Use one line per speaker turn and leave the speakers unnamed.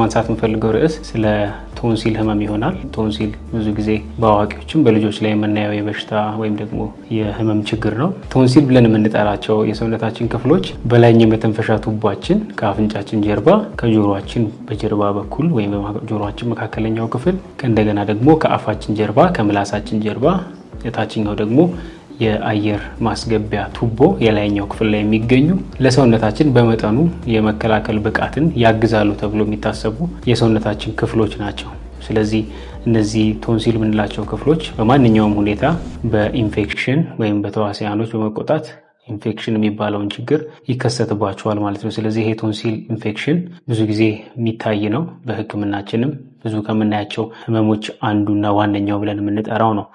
ማንሳት የምፈልገው ርዕስ ስለ ቶንሲል ህመም ይሆናል። ቶንሲል ብዙ ጊዜ በአዋቂዎችም በልጆች ላይ የምናየው የበሽታ ወይም ደግሞ የህመም ችግር ነው። ቶንሲል ብለን የምንጠራቸው የሰውነታችን ክፍሎች በላይኛው መተንፈሻ ቱቧችን ከአፍንጫችን ጀርባ፣ ከጆሮችን በጀርባ በኩል ወይም ጆሮችን መካከለኛው ክፍል እንደገና ደግሞ ከአፋችን ጀርባ፣ ከምላሳችን ጀርባ የታችኛው ደግሞ የአየር ማስገቢያ ቱቦ የላይኛው ክፍል ላይ የሚገኙ ለሰውነታችን በመጠኑ የመከላከል ብቃትን ያግዛሉ ተብሎ የሚታሰቡ የሰውነታችን ክፍሎች ናቸው። ስለዚህ እነዚህ ቶንሲል የምንላቸው ክፍሎች በማንኛውም ሁኔታ በኢንፌክሽን ወይም በተዋሲያኖች በመቆጣት ኢንፌክሽን የሚባለውን ችግር ይከሰትባቸዋል ማለት ነው። ስለዚህ ይሄ ቶንሲል ኢንፌክሽን ብዙ ጊዜ የሚታይ ነው። በሕክምናችንም ብዙ ከምናያቸው ህመሞች አንዱና ዋነኛው ብለን የምንጠራው ነው።